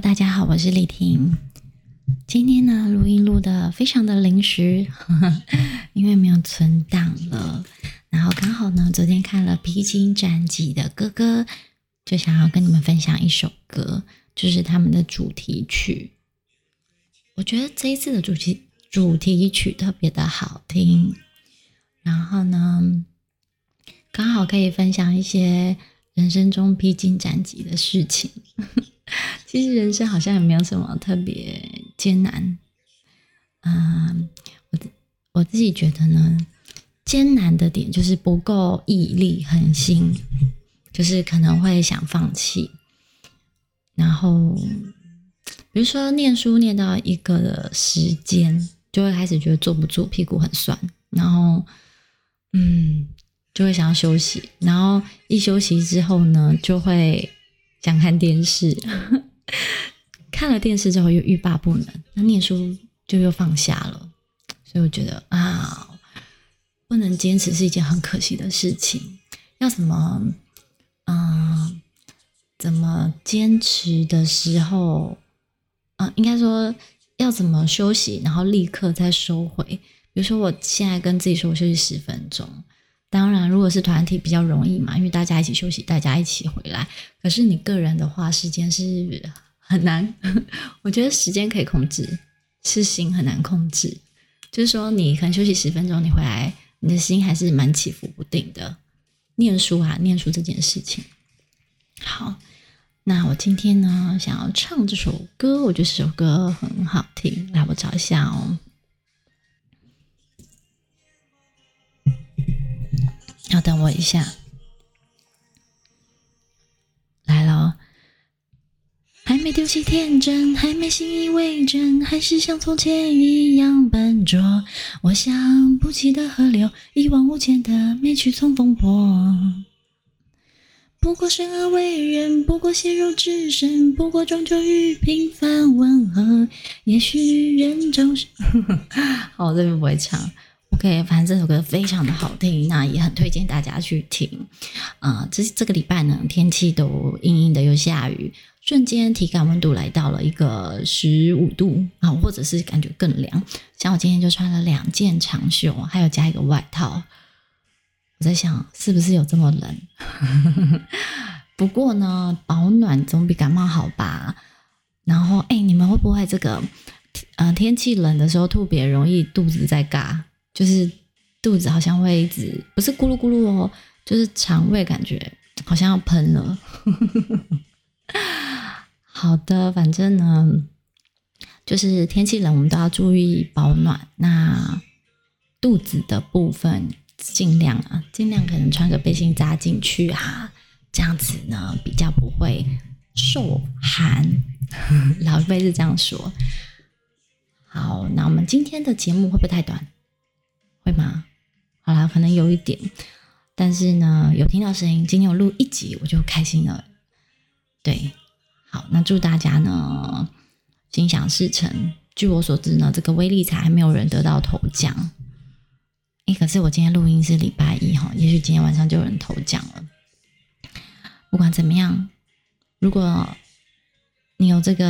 大家好，我是李婷。今天呢，錄音錄的非常的臨時，呵呵，因為沒有存檔了。然後剛好呢，昨天看了《披荊斬棘》的哥哥，就想要跟你們分享一首歌，就是他們的主題曲。我覺得這一次的主題，主題曲特別的好聽。然後呢，剛好可以分享一些人生中披荊斬棘的事情。其實人生好像也沒有什麼特別艱難，嗯、呃、我我自己覺得呢，艱難的點就是不夠毅力恆心，就是可能會想放棄，然後比如說念書念到一個的時間，就會開始覺得坐不住，屁股很酸，然後嗯，就會想要休息，然後一休息之後呢，就會想看電視。看了電視之後又欲罷不能，那念書就又放下了，所以我覺得啊，不能堅持是一件很可惜的事情。要怎麼，嗯，怎麼堅持的時候，嗯，應該說要怎麼休息，然後立刻再收回。比如說，我現在跟自己說，我休息十分鐘。當然，如果是團體比較容易嘛，因為大家一起休息，大家一起回來。可是你個人的話，時間是。很難，我覺得時間可以控制，痴心很難控制。就是說，你可能休息十分鐘，你回來，你的心還是蠻起伏不定的。念書啊，念書這件事情。好，那我今天呢，想要唱這首歌，我覺得這首歌很好聽。來，我找一下哦。要等我一下。沒丟棄天真，還沒信以為真，還是像從前一樣笨拙。我像不羈的河流，一往無前地沒屈從風波。不過生而為人，不過血肉之身，不過終究與平凡吻合。也許人總是……好、 哦，我這邊不會唱。OK，反正這首歌非常的好聽，那也很推薦大家去聽。啊、呃，這這個禮拜呢，天氣都陰陰的又下雨，瞬間體感溫度來到了一個十五度啊，或者是感覺更涼。像我今天就穿了兩件長袖，還有加一個外套。我在想是不是有這麼冷？ 不過呢，保暖總比感冒好吧。然後，哎，你們會不會這個？呃，天氣冷的時候，特別容易肚子在嘎。就是肚子好像會一直，不是咕嚕咕嚕哦，就是腸胃感覺好像要噴了。 好的，反正呢，就是天氣冷，我們都要注意保暖。那肚子的部分，盡量啊，盡量可能穿個背心扎進去啊，這樣子呢比較不會受寒。 老一輩是這樣說。好，那我們今天的節目會不會太短？會嗎？好啦，可能有一點，但是呢，有聽到聲音，今天我錄一集，我就開心了。對，好，那祝大家呢心想事成。據我所知呢，這個微利才還沒有人得到頭獎。誒，可是我今天錄音是禮拜一哈，也許今天晚上就有人頭獎了。不管怎麼樣，如果你有這個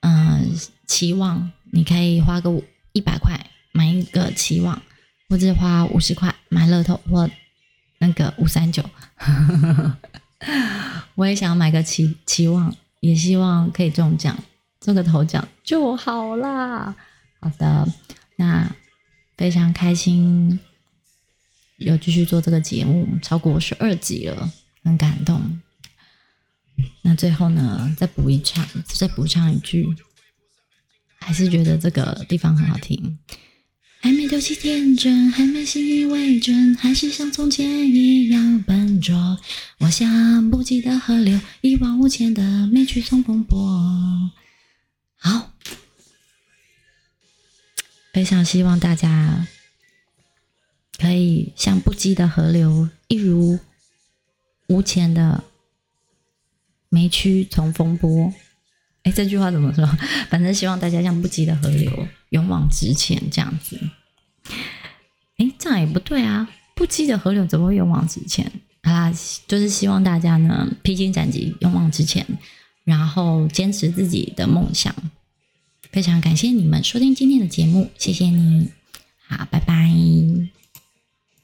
嗯、呃、期望，你可以花個一百塊。買一個期望，或者花五十塊買樂透或那個五三九， 我也想買個期期望，也希望可以中獎，中個頭獎就好啦。好的，那非常開心，有繼續做這個節目超過十二集了，很感動。那最後呢，再補一場，再補唱一句，還是覺得這個地方很好聽。還沒丟棄天真，還沒信以為真，還是像從前一樣笨拙。我像不羈的河流，一往無前地沒屈從風波。好，非常希望大家可以像不羈的河流，一如無前的沒屈從風波。哎，這句話怎麼說？反正希望大家像不羈的河流，勇往直前這樣子。哎，這樣也不對啊！不羈的河流怎麼會勇往直前？啊，就是希望大家呢披荊斬棘，勇往直前，然後堅持自己的夢想。非常感謝你們收聽今天的節目，謝謝你，好，拜拜。